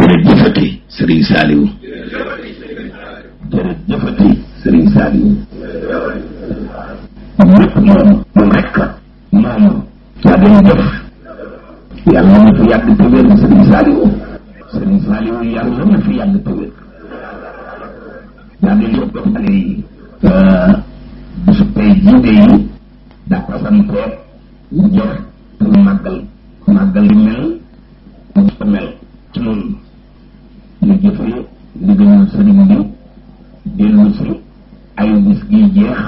jërëjëfati Serigne Saliou jërëjëfati Serigne Saliou ñëpp moom mereka rek moom yaa yang def yàlla na fi yàgg te wér Serigne yang Serigne Saliou yàlla na fi yàgg te wér yaa dañu yóbbu xale yi bisu tey mel ñu jëfee ndigalul sëriñ bi dellu si ay bis gi jeex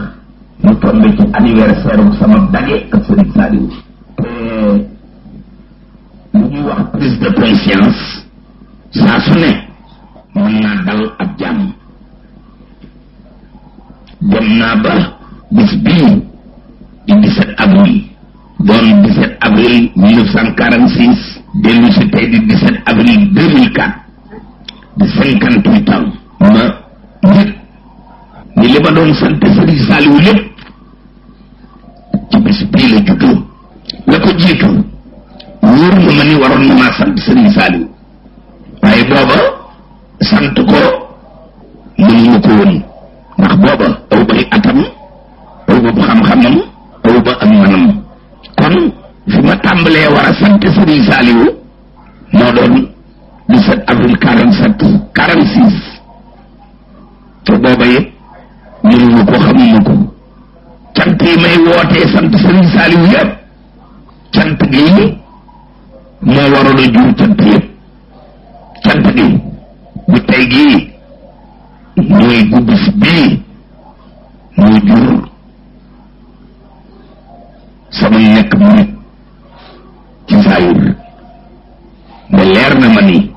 ñu tombe ci anniversaire bu sama daje ak sëriñ Saliou te lu ñuy wax prise de conscience saa su ne mën naa dal ab jàmm dem naa ba bis bii di 17 avril doon 17 avril 1946 dellu si tey di 17 avril 2004 de ma yëg ni li ma doon sant Sëriñ Saaliwu lépp ci bis bii la juddoo la ko jiitu wóor na ma ni waroon na maa sant Sëriñ Saaliwu waaye booba sant ko mën ma ko woon ndax booba aw bay atam aw ba xam-xamam aw ba am manam kon fi ma tàmbalee war a sant Sëriñ Saaliwu moo doon 17 avril 47 46 te booba yëpp ñëwuma ko xamuma ko cant yi may wootee sant Serigne Saliou yëpp cant gi moo waroon a jur cant yëpp cant gi bu tey gii mooy gudd si bii jur sama nekk murit ci saayir ba leer na ma ni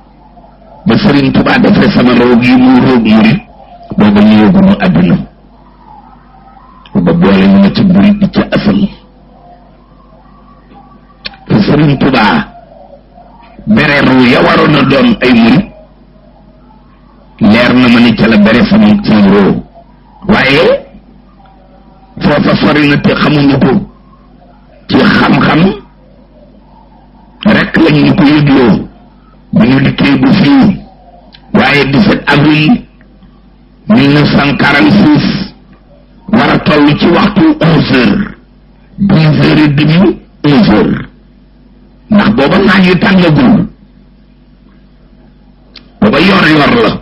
ba Serigne Touba defee sama roog yi mu roog murit booba ñëwagunu àdduna ba boole ma ci murit di asal te Serigne Touba bere ruu ya a doon ay murit leer na ma ni ca la bere sama sama roo waaye foofa sori te xamuñu ko ci xam-xam rek lañ ñu ko yëgloo mi ngi liggéey bu fii waaye 17 avril 1946 war a toll ci waxtu 11 heures 10 heures et demi 11 heures ndax booba naaj yu tàngagul di 9 heures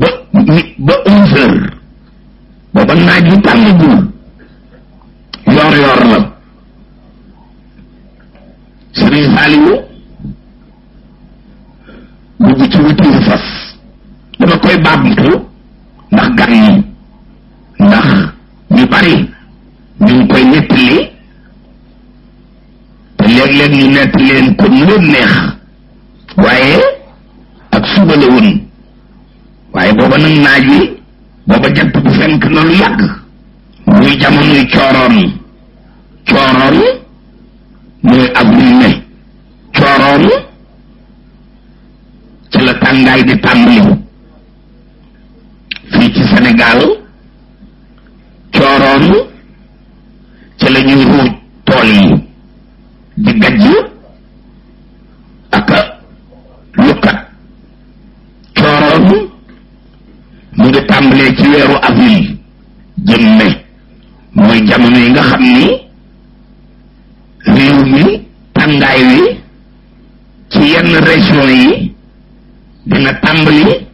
ba ba 11 heures booba sëriñ Saliou dugg ci wutiir fas dama koy baamtu ndax gan yi ndax ñu bari ñu ngi koy nettali te léeg-léeg ñu nett leen ko neex waaye ak suba la woon waaye booba nag naaj wi booba jant bu fenk na lu yàgg muy jamonoy cooroon cooroon muy avril ne tàngaay di tàmbali fii ci Sénégal cooroon ci la ñuy ruuj tool yi di gajj ak lukkat cooroon mu ngi tàmbalee ci weeru avril jëm mooy jamono yi nga xam ni réew mi tàngaay wi ci yenn région yi a tumbling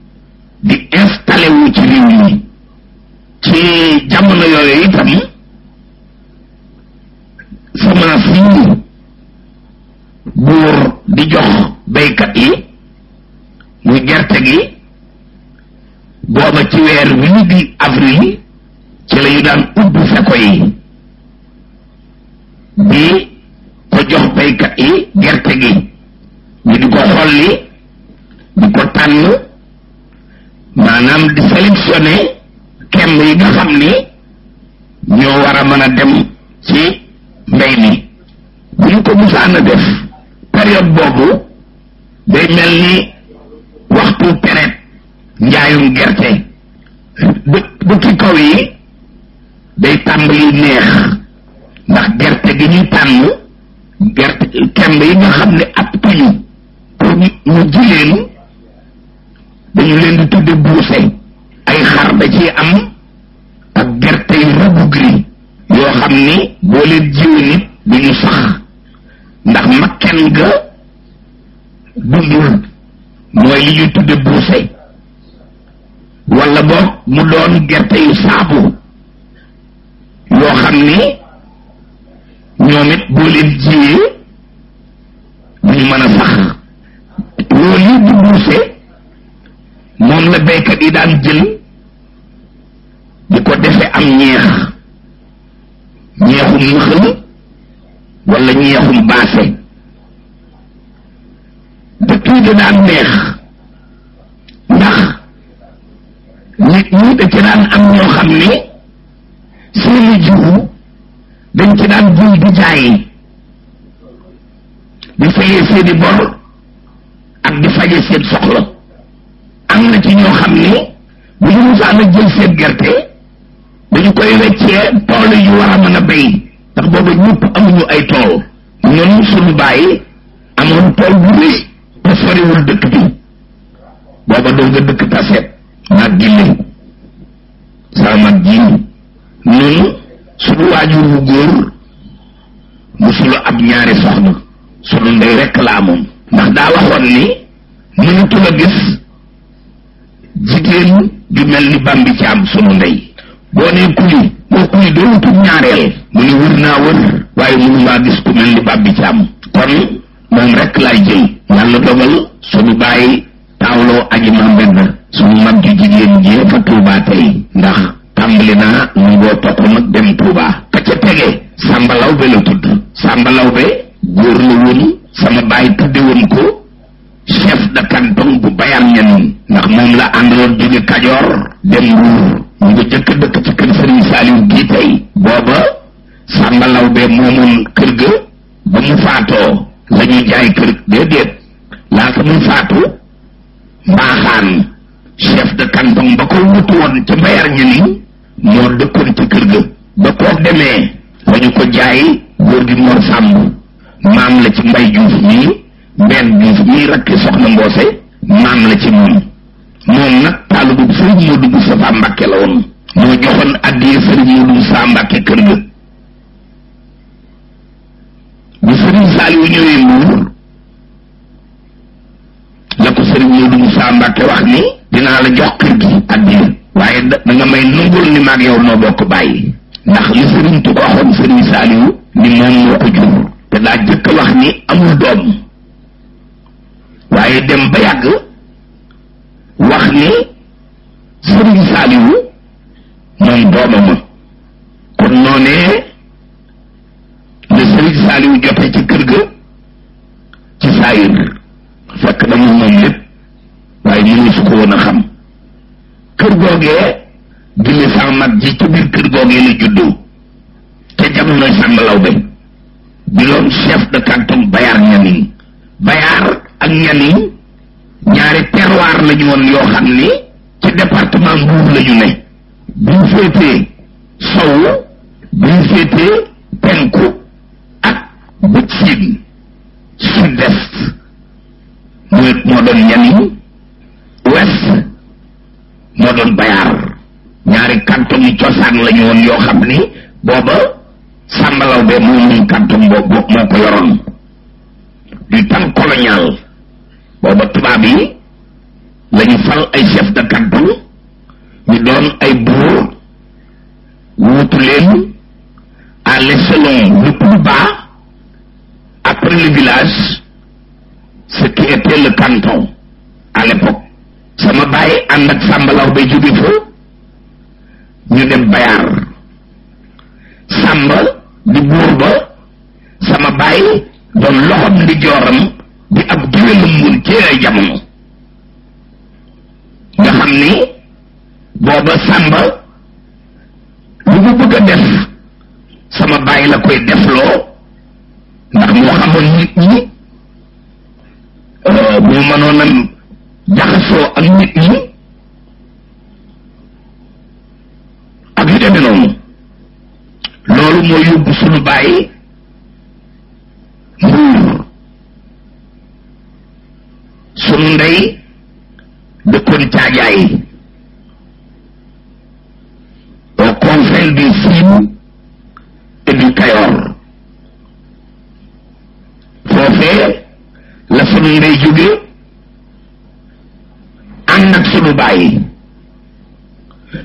maanaam di sélectionné thèmes yi nga xam ni ñoo war a mën a dem ci mbéy mi bu ñu ko musaan def période boobu day mel ni waxtu période njaayum gerte dëkki kaw yi day tàmbali neex ndax gerte gi ñuy tànn gerte temb yi nga xam ne aptuñu pour mu jileen dañu leen di tudde buuse ay xar da ci am ak gerte yu rëbb gris yoo xam ni boo leen jiwe nit duñu sax ndax makken ga dundul mooy li ñuy tudde buuse walla boog mu doon gerte yu saabu yoo xam ni ñoom it boo leen jiwee duñu mën a sax loolu yi di buuse moom la béykat yi daan jël bu ko defe am ñeex ñeexum nëxal wala ñeexum baase dëkk daan neex ndax nit ñi da ci daan am ñoo xam ne seeni jiwu dañ ci daan buy di jaayi di fayee seeni bor ak di faje seen soxla ne bu ñu musaan jël seen gerte dañu koy weccee tool yu war a mën a béy ndax booba ñëpp amuñu ay tool ñun suñu bàyyi amoon tool bu rëy te soriwul dëkk bi booba doo nga dëkk taseet nag gilli sama mag ji ñun suñu waajur wu góor musul ab ñaari soxna sunu ndey rekk la amoon ndax daa waxoon ni mënatul a gis jigéen ju mel ni bambi caam sunu ndey boo nee kuli boo kuli doo wutum ñaareel mu ne wër naa wër waaye mënumaa gis ku mel ni bambi caam kon moom rek laay jël yàlla dogal sunu bàyyi taawloo aji maam benn sunu mag ju jigéen jee fa tuubaa tey ndax tàmbali naa mu ngoo topp nag dem tuubaa ka ca tege sàmbalaw be la tudd sàmbalaw be góor la woon sama bàyyi tudde ko chef de canton bu Bayam ñenn ndax moom la àndaloon jóge Kajoor dem Mbuur mu nga jëkk dëkk ci kër Serigne Saliou gii tey booba Samba Lawbe moomoon kër ga ba mu faatoo la jaay kër déedéet laata muy faatu mbaaxaan chef de canton ba ko wutu woon ca Bayar ñenn moo dëkkoon ci kër ga ba koo demee la ko jaay góor gi Mor Samb maam la ci Mbay Juuf nii benn bi muy rakki soxna mboose maam la ci moom moom nag taalu bu sëriñ Moodu Mustafaa Mbàkke la woon moo joxoon addiyee sëriñ Moodu Mustafaa Mbàkke Mbàkke wax ni dinaa la jox kër gi addiyee waaye da nga may nungul ni maag yow noo bokk bàyyi ndax li sëriñ tu sëriñ Saaliwu ni moom moo ko jur te daa jëkk wax ni amul doom waaye dem ba yàgg wax ni sëriñ saaliwu moom doomam ma kon noonee le sëriñ saaliwu jote ci kër ga ci saayir fekk dañu moom lépp waaye mënu su ko woon a xam kër googee dimi sama mag ji ci biir kër googee la juddoo te jamonoy Samba Lawbe bi loon chef de canton Bayar Niamine Bayar ak ñaniñ ñaari terroir la ñu woon yoo xam ni ci département Mbour la ñu ne buñ féetee sowu buñ ak bëj siin sud-est moo doon ñaniñ ouest moo doon bayaar ñaari canton cosaan la woon yoo xam ni booba sàmbalaw be moom moom canton boobu moo ko yoroon du temps colonial booba tubaab yi lañu fal ay chef de canton ñu doon ay buur le leen à laissé le plus bas après le village ce qui était le canton à l'époque sama bàyyi ànd ak sàmbalaw bay jóge fa ñu dem bayar samba di buur ba sama bàyyi doon loxom di bi ab géwélam mun cee jamono nga xam ni booba sàmba lu mu bëgg a def sama bàyyi la koy defloo ndax moo xamoon nit ñi boo euh, mënoon jaxasoo ak nit ñi ak yu demee noonu loolu moo yóbbu sunu bàyyi yi dëkkoon caajaay yi au conseil du du Kayor foofee la sunu ndey jóge ànd ak sunu bàyyi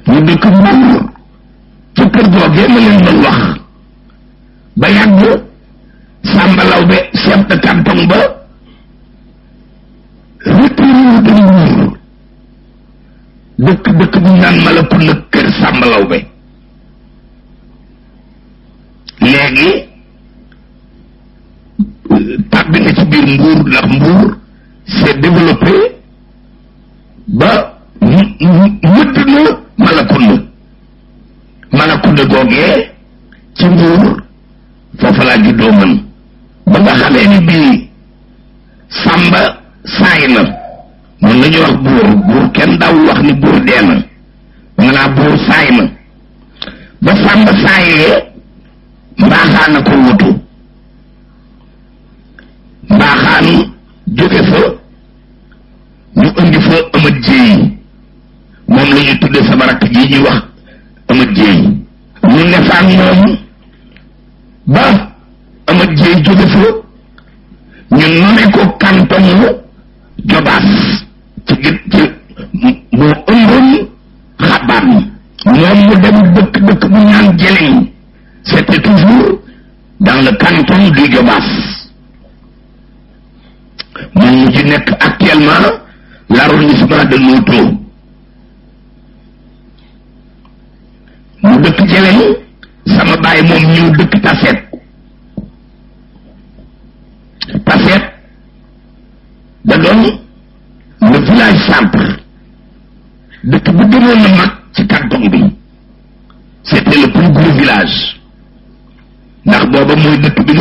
ñu dëkk Mbuur ca kër googee ma leen doon wax ba yàgg Samba Laobé chef de canton ba lépp réew dañu wóor dëkk dëkk bu naan mala pour la kër sàmbalaw be léegi tàbbi na ci biir mbuur ndax mbuur s'est développé ba mëtt na Malakunda Malakunda googee ci mbuur foofa laa juddoo man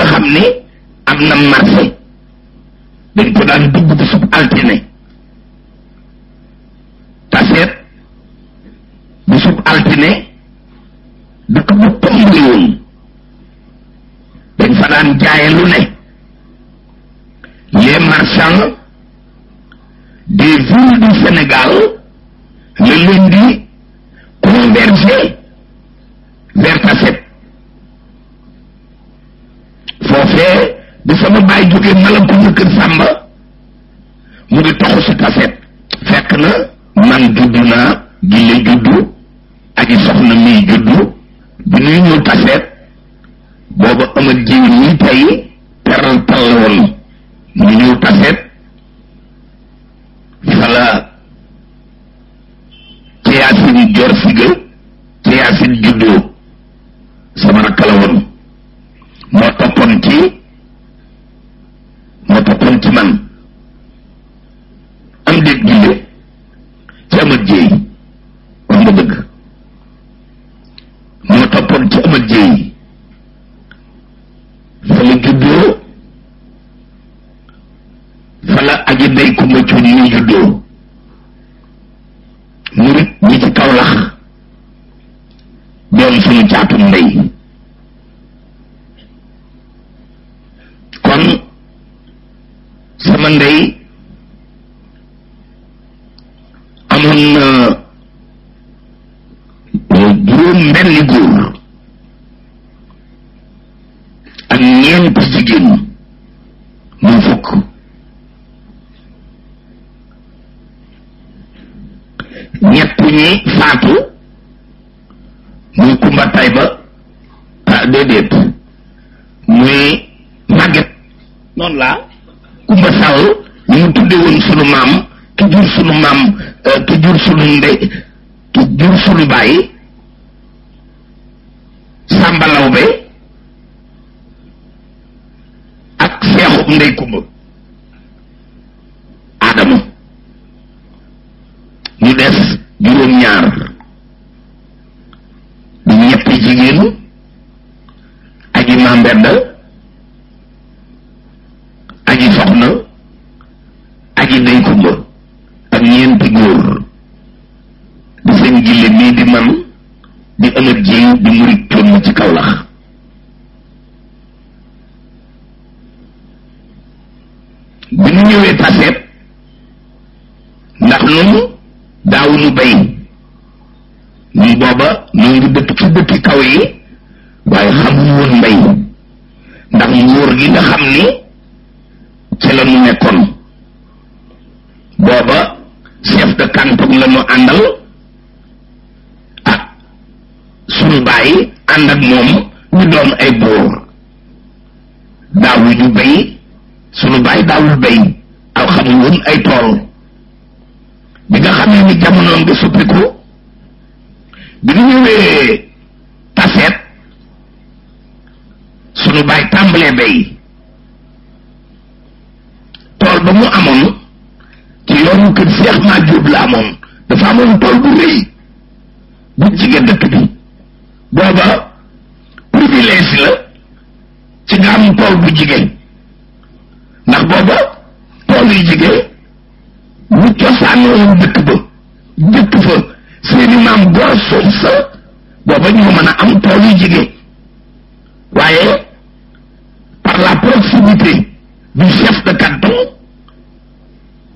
nga xam ni am na marché dañ ko daan dugg bu sub altine taseet bu sub altine dëkk bu tëmb woon dañ fa daan jaaye lu ne les marchands des villes du Sénégal le lundi convergeaient waay jógee malam ko ñu kër sàmba mu ngi toxu si kaset fekk na man juddu naa gille juddu aji soxna mii juddu bi ñuy ñëw kaset booba amat jiw ñii tey teral tal woon mu ñëw suñu ndey kon sama ndey amoon na juróom benni góor ak ñeent jigéen moo fukk ñett ñi faatu wala déet muy màgget noonu laa Kumba Sall ñu mu tudde woon sunu maam ki jur sunu maam ki euh, jur sunu ndey ki jur sunu bàyyi Sàmba Lawbe ak seexub ndey Kumba Adama ñu des juróom ñaar tedd aji soxna aji day kumba ak ñeenti góor di sëñ gille mii di man di ëllëg ji di murit nekkoon booba chef de canton la ñu àndal ak suñu bàyyi ànd ak moom ñu doon ay buur daawu ñu béy suñu bàyyi daawul béy aw ay tool bi nga xamee ni jamonoon nga suppiku bi ñu ñëwee taseet suñu bàyyi tàmbalee béy ba mu ci yoonu Cheikh dafa amoon tool bu rëy bu dëkk bi booba privilège la ci nga am tool bu ndax booba tool yu ñu dëkk ba dëkk fa seeni maam boo sa booba ñoo mën a am par la proximité du chef de canton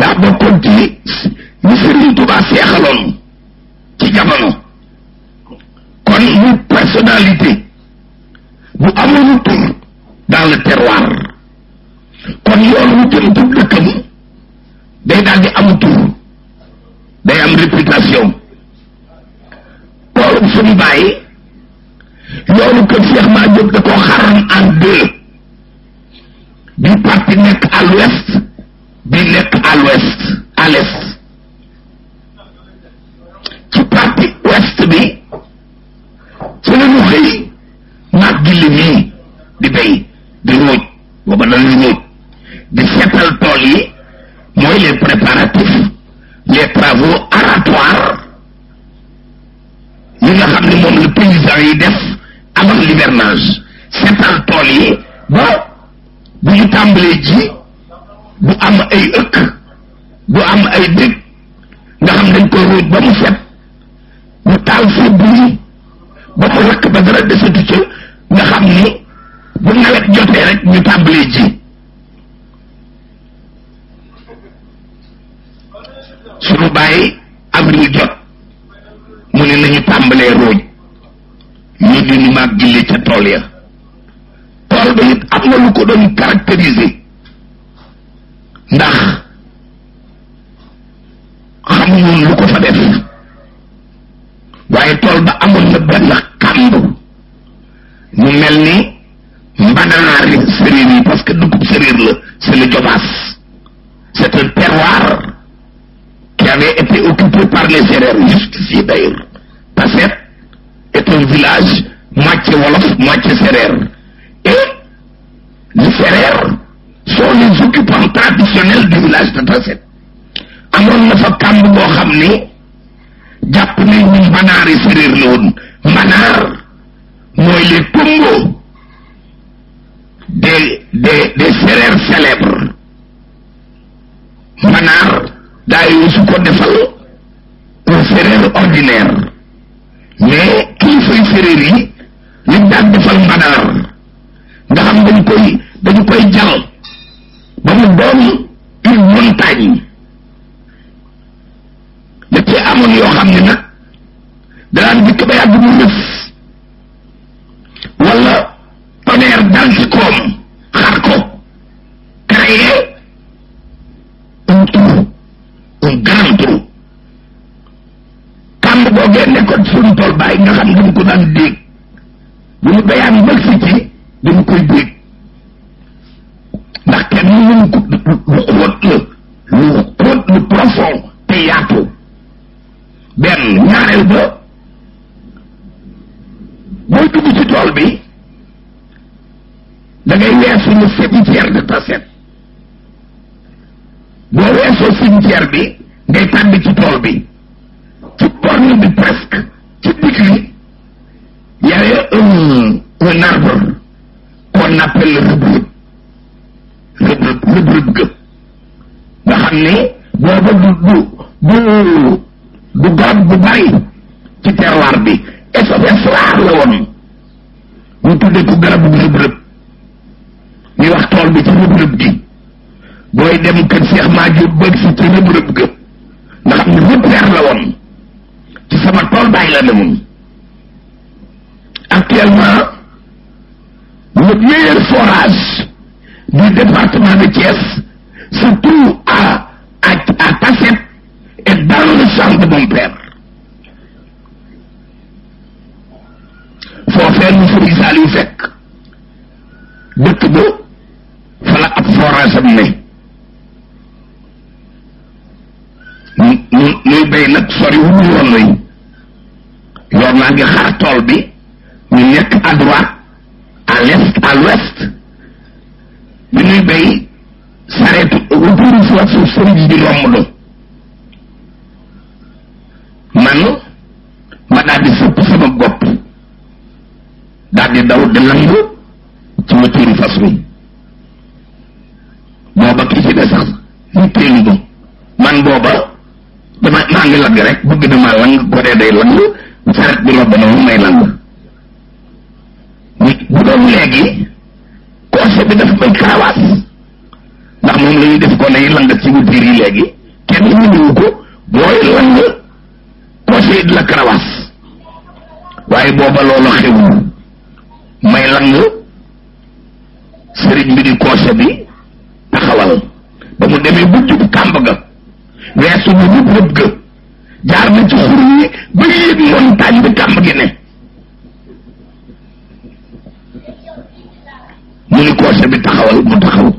daa bokkoon ci ñu Sëriñ Tuubaa seexaloon ci jamono kon mu personnalité bu amoon tur dans le terroir kon yoonu mu jëm tur dëkkam day daldi am tour day am réputation toolu suñu bàyyi yoonu ko Cheikh ma Diop da koo xaram en deux di parti nekk à l'ouest lire tool ba it am na lu ko doon caractériser ndax xamuñu woon lu ko fa def waaye tool ba amoon na benn mu parce que nous séréer la c'est le Jobas. c'est un terroir qui avait été occupé par les juste ici d'ailleurs Passer est un village wolof moitié séeréer et les séeréer sont les occupants traditionnels du village de Tasset amoon na fa kàmb boo xam ne jàpp nañ ni manar, séeréer la woon mooy les Congo des des des célèbres manar, daa yooyu su ko defal un séeréer ordinaire mais fait séeréer yi defal mbanaar nga xam dañ koy dañu koy jal ba mu doon une benn ñaareel ba booy dugg ci tool bi da weesu le cimetière de Tassette boo weesoo cimetière bi ngay tàbbi ci tool bi ci borne bi presque ci digg li y a un un arbre qu'on appelle le rëbrëb rëbrëb rëbrëb gëpp nga xam ne booba du du du du garab bu bari ci terroir bi espèce rare la woon ñu tuddee ko garabu rëb-rëb ñuy wax tool bi ci rëb-rëb gi booy dem kër Seex Maajur bëgg si ci rëb-rëb ga nga xam ne repère la woon ci sama tool bàyyi la demoon actuellement le meilleur forage du département de Thiès se trouve à à à Tassette et dans le sens de mon père foofee mu sëriñ Saliou fekk dëkk ba fa la ab forage am ne mu muy nag sori wu mu yoon lañ yoon naa ngi xar tool bi ñu nekk à droite à l'est à l'ouest bi ñuy béy sareetu autoroute suuf sëriñ bi romb do man ma daal di sëpp sama bopp daal di daw di langu ci ma fas wi booba ki ci de sax li téelu man booba dama maa ngi lagg rek bëgg dama lang ko dee day lang saret bi robb na mu may lang bu doon léegi course bi dafa koy karawaas ndax moom la ñuy def ko nay lang ci wutiir yi léegi kenn ñu ko booy lang féet la karawaas waye boba lolo xewu may lang serigne bi di coche bi taxawal ba mu demé bu djub kàmb ga wessu mu djub rëb ga jaar na ci xur ni ba yéeg montagne bi kàmb gi ne mu ni coche bi taxawal mu taxaw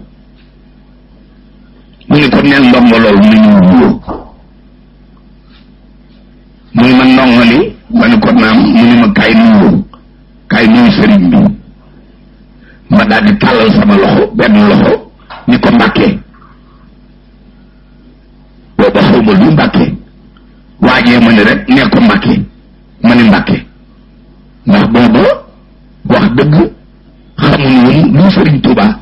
mu ni ko neel ndongo lool mu ñu kay nuyu kay bi ma daal di talal sama loxo ben loxo ni ko mbàkkee booba xawma lu mbàkkee waajee ma ni rek ne ko mbàkkee ma ni mbàkkee ndax booba wax dëgg xamuñ woon lu sëriñ Tuubaa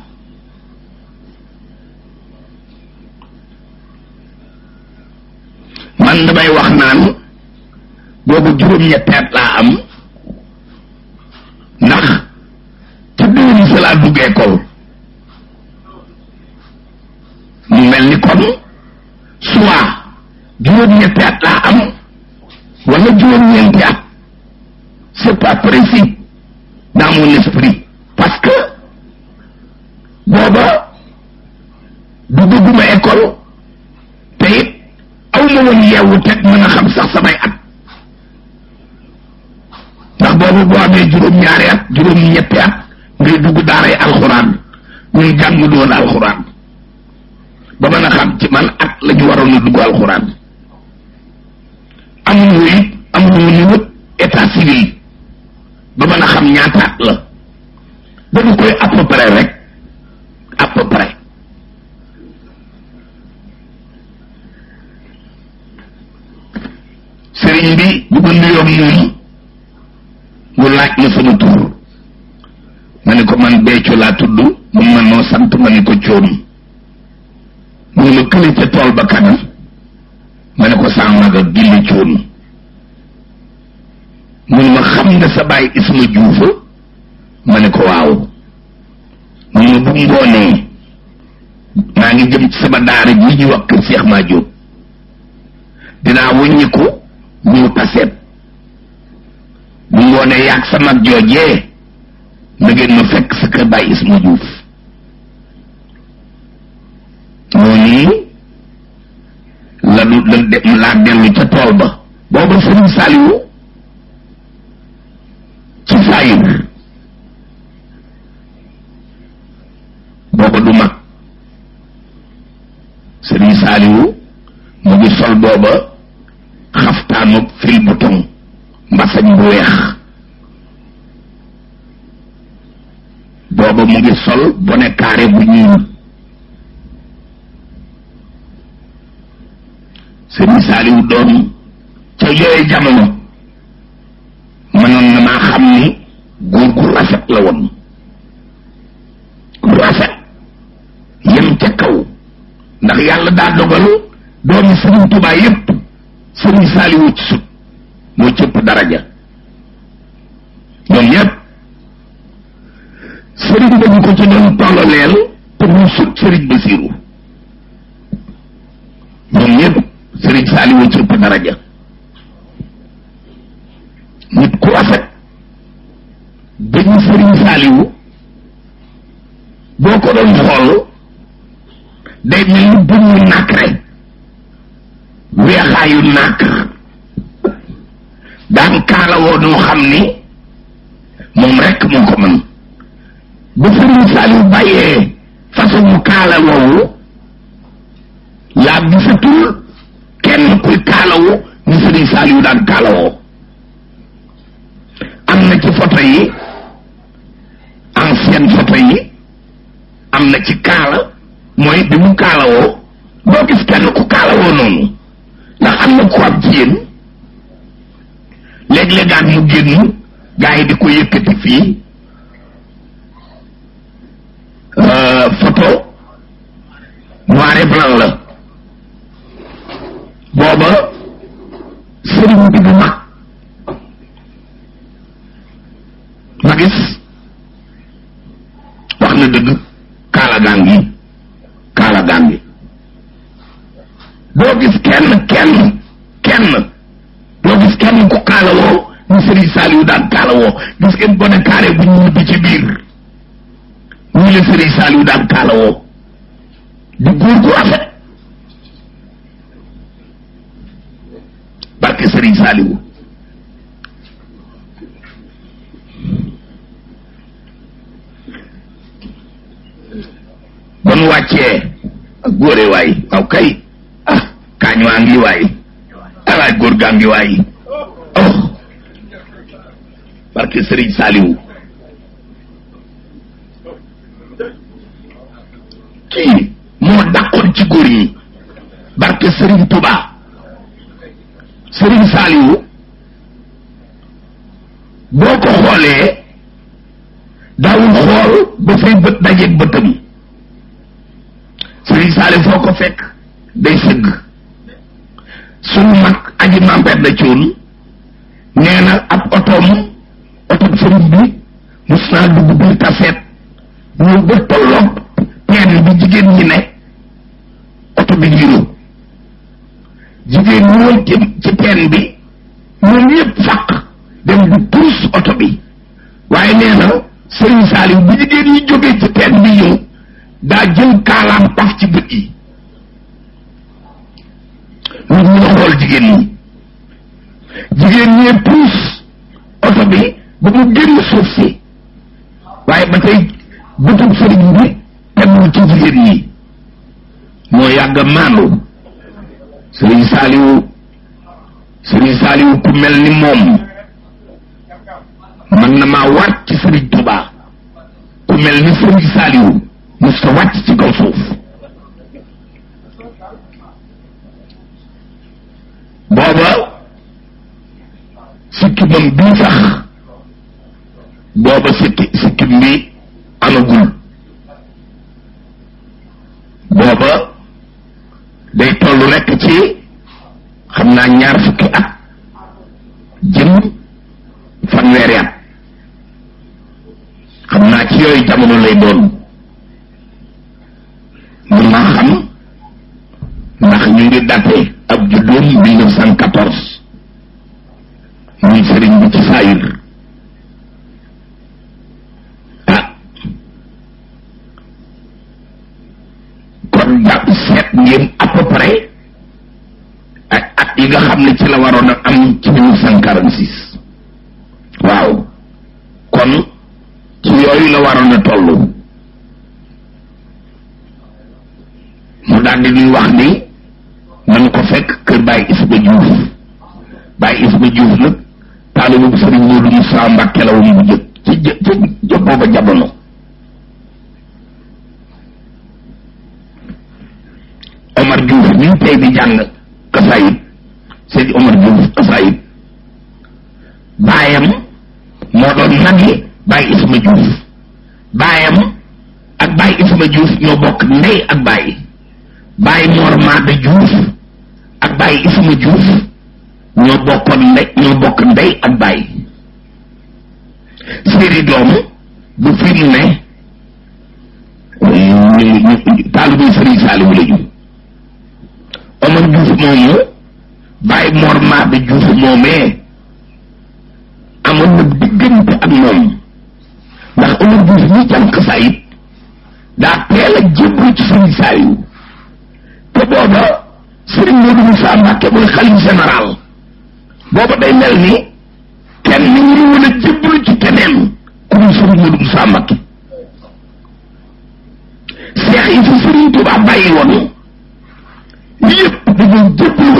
man damay wax nan bobu juróom ñettat la am dugg école mu mel ni kon soit juróom-ñetti at laa am wala juróom-ñeenti at c'est parce que booba dugguma école te it aw ma woon yeewu teg mën a xam sax samay at ndax booba boo amee juróom-ñaari at juróom-ñetti at ngay dugg daaray alxuraan ñun jàng doon alxuraan ba mën a xam ci man at la ñu waroon a dugg alxuraan amuñu it amuñu niveau état civil ba mën a xam ñaata at la dañu koy à rek à sëriñ bi bu ko nuyoon noonu mu laaj na sama tur tudd mu ma noo sant ma ni ko coom mu ma ca tool ba kanam ma ne ko saa maga gilli coom mu ne xam nga sa baay Isma Juufa ma ne ko waaw mu ne bu ngoonee maa ngi jëm ci sama daara ji ñuy wax kër Cheikh maa Jóob dinaa wëññi ko ñëw paseet bu ngoonee yàgg sa mag joojee na ngeen ma fekk sa kër bàyyi Isma Diouf noonu la du la de laa dellu ca tool ba booba Sëriñ Saliou ci saayir booba du mag Sëriñ Saliou mu ngi sol booba xaftaanub fil bouton mbasañ bu weex mu ngi sol bonnet carré bu ñuul sëñ Saaliw doom ca yooyu jamono mënoon na maa xam ni góor gu rafet la woon gu rafet yem ca kaw ndax yàlla daa dogal doomi sëriñ Tuubaa yépp sëriñ Saaliwu sut moo cëpp daraja ñoom yépp dañu ko ci doon tollaleel pour nit ku rafet dañu Serigne Saliou boo ko doon xool day mel ni bëñu nàkkre weexaayu nàkk daan kaala moom rekk moo ko mën bu sëriñ Saliou bàyyee façon kaala woowu laa gisatul kenn kuy kaalawu ni sëriñ Saliou daan kaalawoo am na ci photo yi ancienne photo yi am na ci kaala mooy bi mu kaalawoo doo gis kenn ku kaalawoo noonu ndax am na ku ab jigéen léeg-léegaat mu génn gaa yi di ko yëkkati fii photo noir et blanc la booba sëriñ bi bu mag ma gis wax na dëgg kaala gang yi kaala gang yi doo gis kenn kenn kenn doo gis kenn ku kaala woo ñu sëriñ Saliou daan kaala woo gis ngeen bone carré bu ñu ñibbi ci biir bi la sëriñ Saliou daan kaalawoo di góor gu rafet barke sëriñ Saliou ba nu wàccee ak góore waay waaw kay ah kaañ waa ngi waay alaaj oh. barke sëriñ Saliou kii moo dàqoon ci góor ñi barke Serigne Touba Serigne Saliou boo ko xoolee daawul xool ba fay bët dajeeg bëtam Serigne Saliou foo ko fekk day sëgg sunu mag aji mampet da coon ñàgg maandu sëriñ saaliwu sëriñ saaliwu ku mel ni moom man na maa waat sëriñ tubaa ku mel ni sëriñ saaliwu mos wàcc ci kaw suuf booba sikki moom bii sax booba sikki ci xam naa ñaar fukki at jëm fanweeri at xam naa ci yooyu jamono lay doon mun naa xam ndax ñu ngi daté ab juddoom 1914 muy sëriñ bi ci saayir taalibu bu sëriñ Moodu Musaa Mbàkke la woon bu jëkk ci jë ci booba jamono Omar Diouf mi ngi di jàng kasaayit sëñ Omar Diouf kasaayit baayam moo doon nagi Baye Isma Diouf baayam ak Baye Isma Diouf ñoo bokk ndey ak Baye Baye Mor Maada Diouf ak Baye Isma Diouf. ñoo bokkoon ndey ñoo bokk ak bàyyi seeni doomu bu firi ne taalibu Sëriñ Saaliwu la ñu Omar Diouf moomu bàyyi Mor Maabe Diouf moomee amoon na diggante ak moom ndax Omar Diouf ñi jànk saa it daa teel a jébbalu ci Sëriñ Saaliwu te booba Sëriñ Moodu Musaa Mbàkke mooy xalifa général booba day mel ni kenn ni ñu mën ci keneen ku dul sëriñ Modou Moussa Mbacké seex yi fa sëriñ Tuubaa bàyyi woon yëpp dañoo jébbalu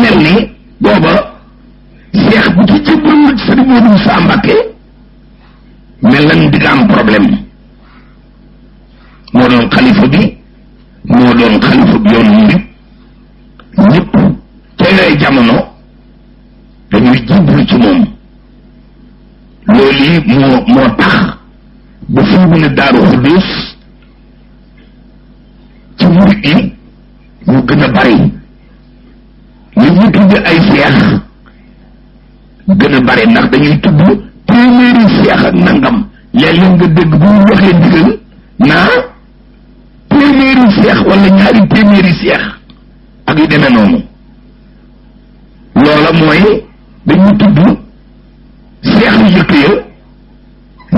mel ni booba seex bu ci jébbalu sëriñ Modou Moussa Mbacké mel na ni di nga am problème moo doon xalifa bi moo doon xalifa yoon yi ñëpp teelee jamono dañuy jublu ci moom loolu yi moo moo tax ba fi mu ne daaru xudus ci murit yi ñu gën a bari li ñu tudd ay seex gën a ndax dañuy tudd téeméeri seex ak nangam léeg-léeg nga dégg bu ñu waxee ndigal naa wala ñaari téeméeri seex ak yu demee noonu loola mooy dañu tudd seex yu jëkk ya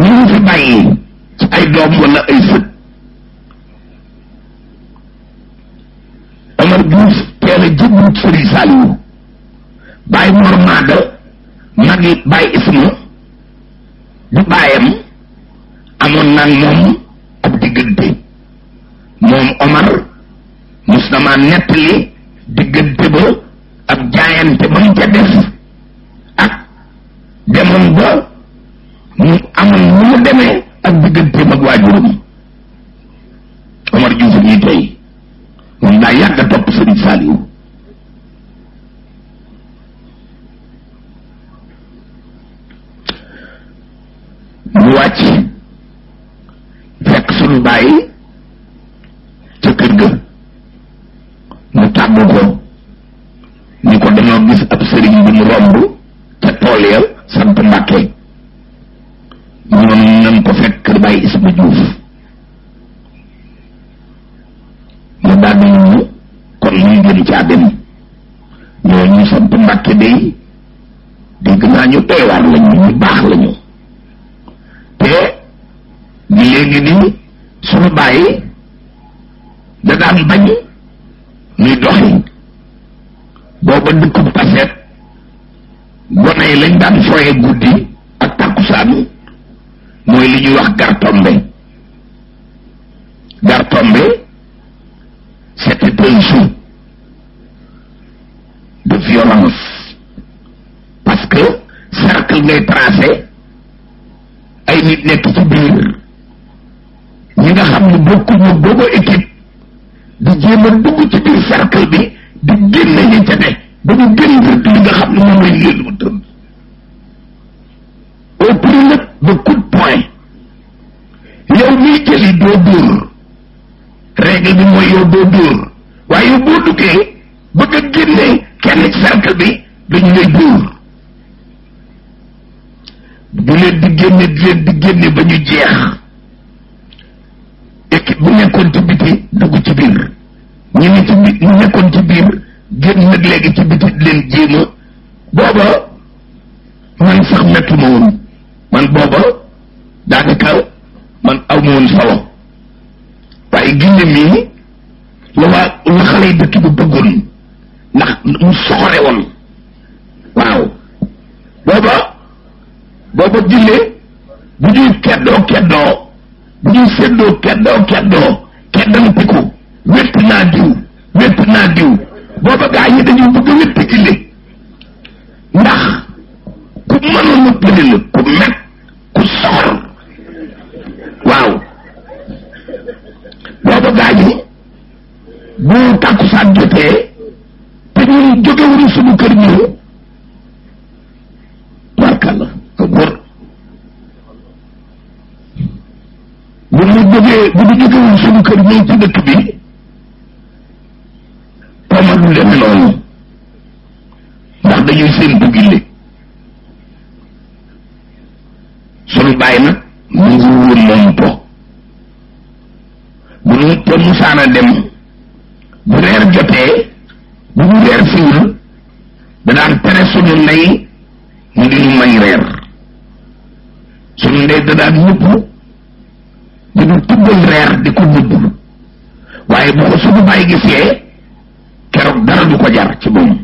ñu ñu fi bàyyi ci ay doom wala ay sët Omar Diouf teel a Sëriñ Saliou bàyyi Mor Maada bàyyi Isma du bàyyam amoon naan moom nettali daan foye guddi ak tàkkusaan mooy li ñuy wax gartombe gartombe c'était un de violence parce que cercle ngay tracé ay nit nekk ci biir ñi nga xam ne bokkuñu boobu équipe di jéem a ci biir cercle bi di génn ñi ca ba ñu gën li nga xam ne moom lañ leen wutël doo dóor bi mooy yow doo dóor waaye boo duggee bëgg a génne kenn ci bi dañu lay dóor du leen di génne di leen ba ñu jeex équipe bu nekkoon ci biti dugg ci biir ñu ne nekkoon ci biir génn nag léegi ci biti leen jéema booba man sax mettu woon man booba daanaka man aw woon solo waaye ginde mii la la xale yi dëkk bi bëggoon ndax mu soxore woon waaw booba booba ginde bu ñuy keddoo keddoo bu ñuy seddoo keddoo keddoo keddam piku wépp naa diw wépp naa diw booba gaa yi dañuy bëgg wépp ginde ndax ku mënoon ma pële la bu tàkkusaan jotee te ñu jóge wuñu suñu kër ñëw barkalla ak góor bu ñu jógee bu ñu jóge wuñu kër ñëw ci dëkk bi poma du demee noonu ndax dañuy seen bugile suñu bàyyi nag mu ngi woon moom po bu ñu te musaana dem reer jotee bu ñu reer siwul dadaan tere suñu ndey mu di ñu may reer suñu ndey dadaan ñëpp di ñu tuddal reer di ko nëbb waaye bu suñu bàyyi gisee keroog dara du ko jar ci moom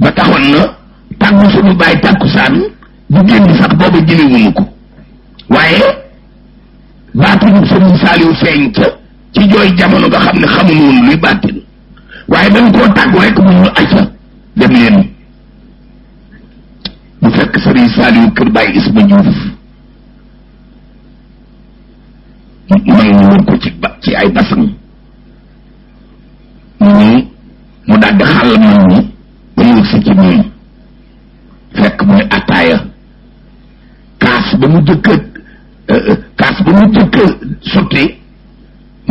ba taxoon na tàggu suñu bàyyi tàkkusaan bu génn sax booba jëliwuñu ko waaye baatuñu suñu saaliw feeñ ca di jooy jamono nga xam ne xamuñu woon luy baatin waaye dañ koo tàggu rek bu ñu aca dem leen bu fekk sëriñ Saliou kër Baye Isma Diouf mag ñu wër ko ci ba ci ay basan ñu mu daal xàll man ñi ba ñu si ci moom fekk muy attaaya kaas ba mu jëkk euh, euh, kaas ba mu jëkk sotti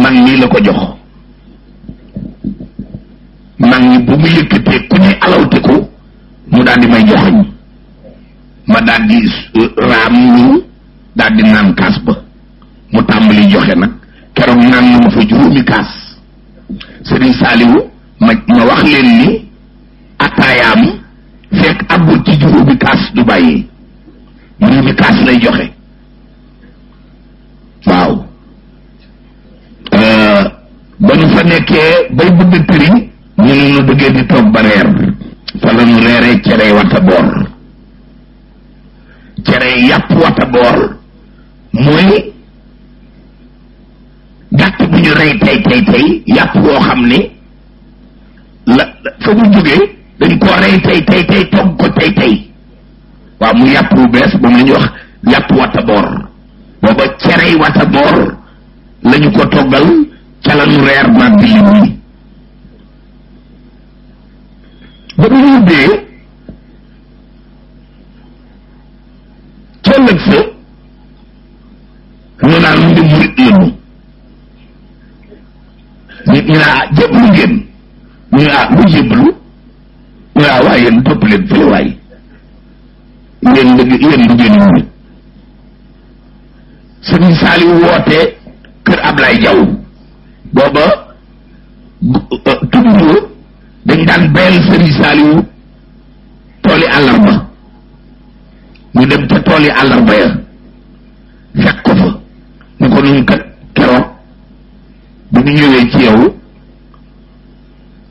mag ñi la ko jox mag ñi bu mu yëkkatee ku ne alawtiku mu daal di may joxoñ ma daal di euh, raam ñu daal naan kaas ba mu tàmbali joxe nag keroog naan na ma fa juróomi kaas Serigne Saliou ma ma wax leen ni ataayaam fekk abul ci juróomi kaas du bàyyi juróomi kaas lay joxe bay bëgg tëri ñu ne nu duggee di toog ba reer fa la nu reeree cerey wata boor cerey yàpp wata mooy gàtt bu ñu rey tey tey tey yàpp woo xam ni la fa mu jógee dañ koo rey tey tey tey togg ko tey tey waaw mu yàpp wu bees moom la ñuy wax yàpp wata boor booba cerey wata boor lañu ko toggal ca la nu reer ma billi ba bu ñu dee tollëg fa ñu naan mu dem murit ñu naa jéblu ngeen ñu naa ah, mu jéblu ñu naa ah, waaye yéen topp leen fële waay yéen dëgg yéen du ngeen murit sëñ woote kër Ablaye Jaw booba euh, tudd dañ daan bayal sëriñ Saaliwu tooli àllarba ñu dem ca tooli àllarba ya fekk ko fa ñu ko nuñ kat keroog bi ñu ñëwee ci yow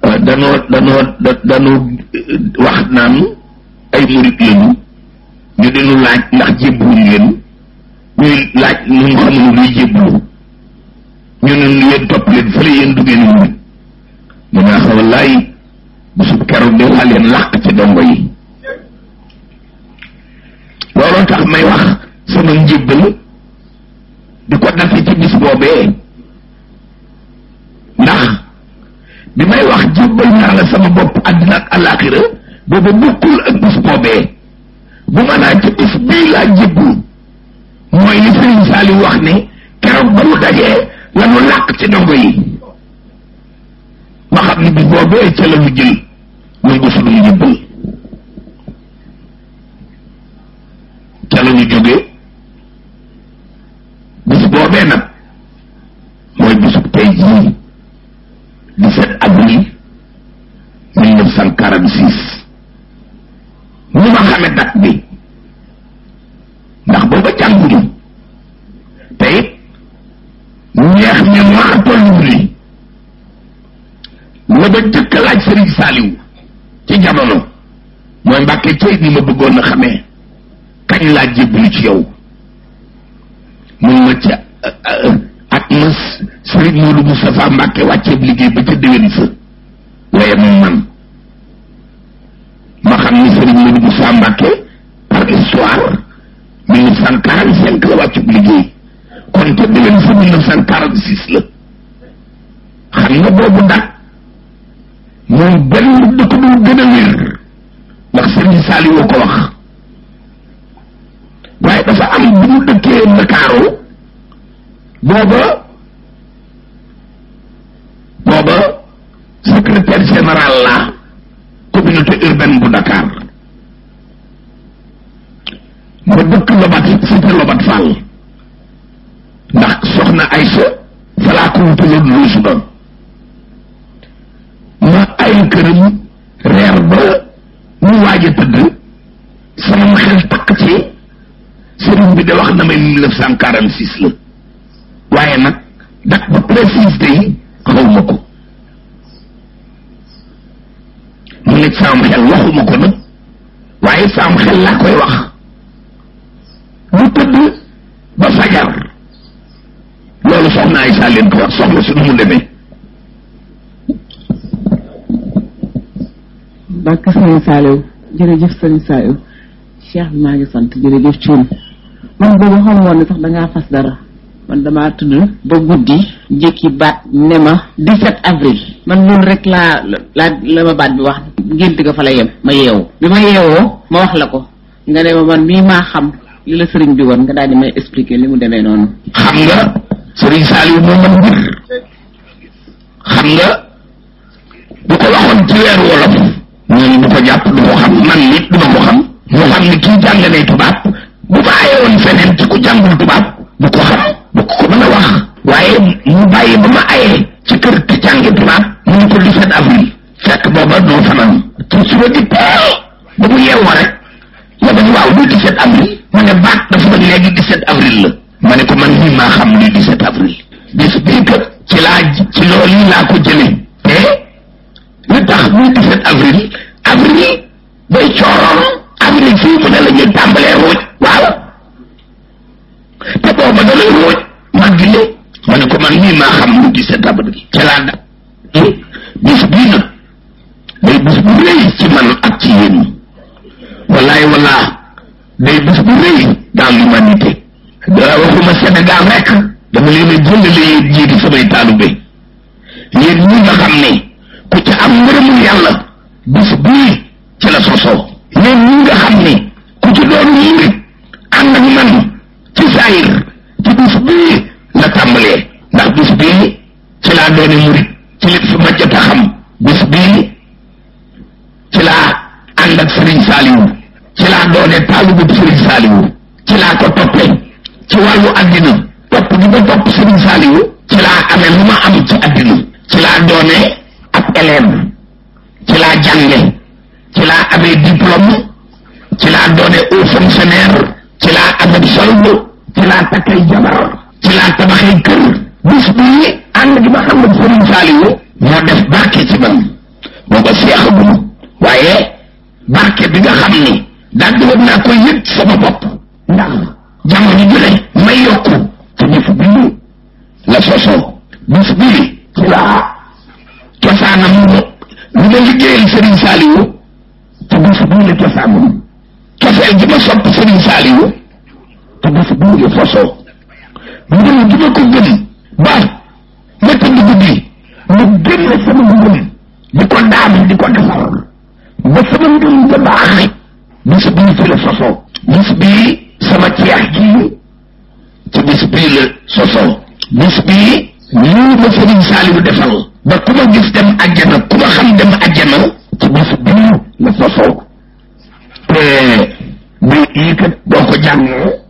euh, danoo danoo danoo wax naan ay murit lañu ñu dinu laaj ndax jébbuñ leen ñuy laaj ñun xamul luy jéblu ñu ne yéen topp leen fële duggee ni murit mu naa ah, xawa laay bisub keroog de laa leen làq ci dongo yi looloo tax may wax sama njëbbal di ko dase ci bis boobee ndax bi may wax jébbal naa sama bopp àddina ak alaaxira booba bokkul ak bis boobee bu ma naa ci bis bii laa jébbul mooy li Saali wax ne keroog ba mu dajee lanu làq ci dongo yi xam ne bi boobee ca la ñu jël muy ko fa dum jëbbal ca la bis boobee nag mooy bisub tey jii 17 avril 1946 ba jëkk laaj sëriñ saaliw ci jamono mooy mbàkke cey bi ma bëggoon a xamee kañ laa jébbalu ci yow mun ma ca at mas sëriñ Moodu Moustapha Mbàkke wàcceeb liggéey ba ca déwén sa la xam nga boobu ndax mooy benn dëkk du gën a wér ndax Serigne Saliou ko wax waaye dafa am bu mu dëkkee Ndakaaru booba booba secrétaire général la communauté urbaine bu Dakar ma dëkk Lobat cité Lobat Fall ndax soxna Aïcha falaa ko wutaloon luus ba dem këram reer ba mu waaj tëdd sama xel takk ci sëriñ bi de wax na may mille neuf cent quarante six la waaye nag date bu précise day xaw ma ko mu ne sama xel waxuma ko nag waaye sama xel laa koy wax mu tëdd ba fajar loolu soxna ay saa leen ko wax soxla su nu mu demee Serigne Saliou jërëjëf Serigne Saliou Cheikh maa ngi sant jërëjëf Thioune man boobu xam woon ne sax da ngaa fas dara man damaa tudd ba guddi jékki baat ne ma 17 avril man loolu rek laa laa la ma baat bi wax ngént nga fa la yem ma yeewu bi ma yeewoo ma wax la ko nga ne ma man mii maa xam li la sëriñ bi woon nga daal di may expliquer li mu demee noonu xam nga sëriñ Saliou moo mën mbir xam nga bu ko waxoon ci weeru wolof ñooñu du ko jàpp du ko xam man nit du ma ko xam moo xam ni kii jàngalee tubaab bu bàyyi woon feneen ci ku jàngul tubaab du ko xam du ko mën a wax waaye mu bàyyi ba ma ayee ci kër ki jàngi tubaab mu ngi ko 17 avril fekk booba doo fanaan te suba di peel ba mu yeewoo rek ma dañ waaw luy 17 avril ma ne baat dafa ma léegi 17 avril la ma ne ko man mii maa xam luy 17 avril bis bii kat ci laa ci loolu laa ko jëlee te lu tax muy tafet avril avril bay coorom avril fii fu ne la ñuy tàmbalee ruuj waaw te booba da lay ruuj mag gi ñëw ma ne ko man mii maa xam lu di septembre gi ca laa da hmm? bis bii nag day bis bu rëy ci man ak ci yéen ñi wallaay day bis bu rëy dans l'humanité daa waxuma Sénégal rek dama leen a jëndale yéen ñii di samay taalube yéen ñi nga xam ku ci am ngërëmul yàlla bis ci la sosoo yéen ñi nga xam ni ku ci doonu murit ànd ak ci laa doone murit ci li fi ma a xam bis bii ci laa ànd sëriñ Saaliwu ci laa doone taalibub sëriñ Saaliwu ci laa ko toppee ci wàllu àddina topp gi topp sëriñ Saaliwu ci laa amee lu ma am ci àddina ci laa doone élève ci laa jànge ci laa amee diplôme ci laa doone haut fonctionnaire ci laa amee solde ci laa takkay jabar ci laa tabaxee kër bis bii ànd ma xam ne Serigne Saliou moo def barke ci man booba seexaguma waaye barke bi nga xam ni daal di naa koy yëg sama bopp ndax jamono ju ne may yokku te def bii la sosoo bis ci laa Serigne Saliou te bés bu la tua cofeel gi ma sopp Serigne Saliou te bés bu la fosoo ngëm gi ma ko gëm ba ma tëdd guddi mu gën la sama ngëm di ko daam di ko defar ba sama ngëm ga baax bés bii fi la sosoo bés bii sama ceex gii ci bés bii la sosoo bés bii lii ma Serigne Saliou defal ba ku ma gis dem àjjana ku ma xam dem àjjana ci bés bii la sosoo te bay yii kat boo ko jàngee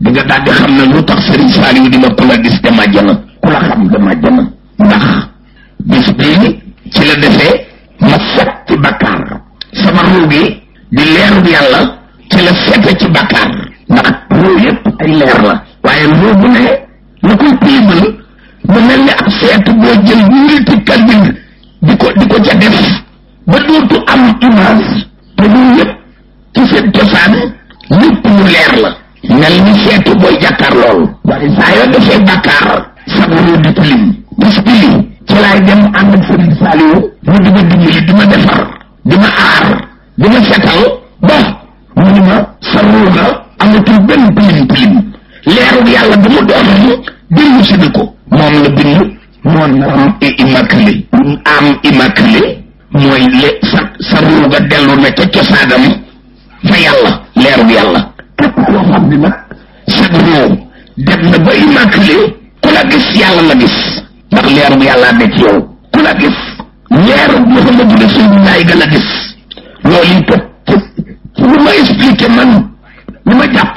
di nga xam na lu tax Serigne Saliou dina ku la gis dem àjjana ku la xam dem àjjana ndax bés bii ci la defee ma set ci bakkaar sama ruu di leerub yàlla ci la sete ci bakkaar ndax ruu yëpp ay leer la waaye ruu ne lu koy pilimal mu mel ni ab seetu boo jël multi calvin di ko di ko ca def ba dootu am image te ñun ñëpp ci seen cosaan lépp lu leer la mel ni seetu booy jàkkaar lool waaye saa yoo defee bàkkaar sabaroo di ni ma sa ruuga amatul benn tilim tilim leeru yàlla bi mu doon dellu si ko moom la bind moom am immaculé am immaculé mooy le sa sa ruu ga dellu na ca cosaanam fa yàlla leeru yàlla képp koo xam ne nag sa ruu dem na ba immaculé ku la gis yàlla la gis ndax leeru yàlla ne ku la gis leeru Muhammadu Rasulullaay ga la gis loolu yi tëb lu ma expliqué man li ma jàpp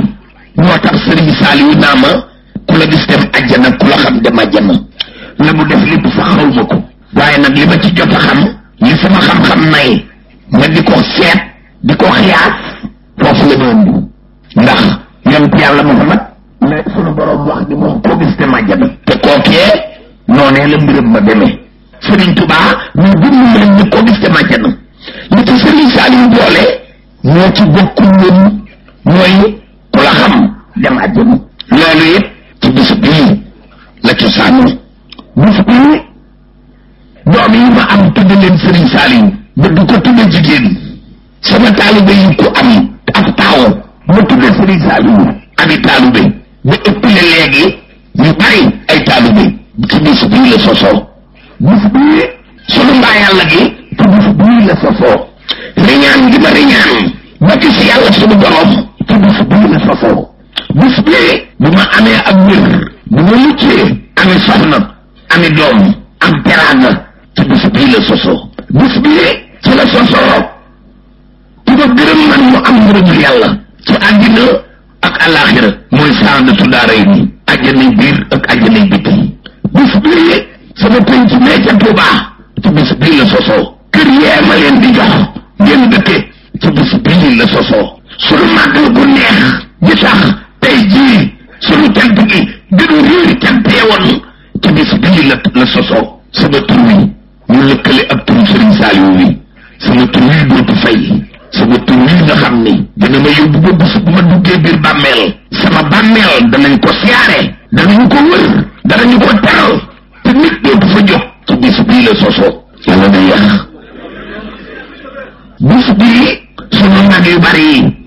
moo tax sëriñ Saliou naa ma la gis dem aljana ku la xam dem aljana la mu def lepp sax xaw ma ko waaye nag li ma ci jot a xam ni sama xam-xam may ma diko set diko xiyat fofu la doon ndax yalla mu xamat la sunu borom wax di mo ko gis dem aljana te ke noné la mbirum ma demé serigne touba ñu bind leen ñu ko gis dem aljana li ci serigne salim boole ñoo ci bokku ñun moy ku la xam dem aljana man Serigne Saliou ba du ko jigéen sama taalibe yi am ak taaw ma tudde Serigne Saliou ami taalibe ba ëpp le léegi ñu bari ay taalibe ci bii la sosoo bis bii sunu mbaa ma amee ak wér ma muccee amee soxna amee doom am teraanga te bis bii la sosoo bis bii la sosoo ku ko gërëm man mu am ngërëmul yàlla ci àddina ak alaaxira mooy saadatu daarayni àjjanay biir ak àjjanay biti bis bii sama penc mee ca Tuubaa ci bis bii la sosoo kër yee ma leen di jox ngeen dëkke ci bis bii la sosoo sunu màggal gu neex gi sax tey jii sunu cant gi gën réer cante woon ci bis bii la la sosoo sama tur wi mu lëkkale ak turu Serigne Saliou sama tur wi dootu fay sama tur wi nga xam ni dina ma yóbbu ba bu bu ma duggee biir bàmmeel sama bàmmeel danañ ko siyaare danañ ko wër danañu ko teral te nit fa jox ci bis bii la sosoo na yéex bis bii sunu mag yu bari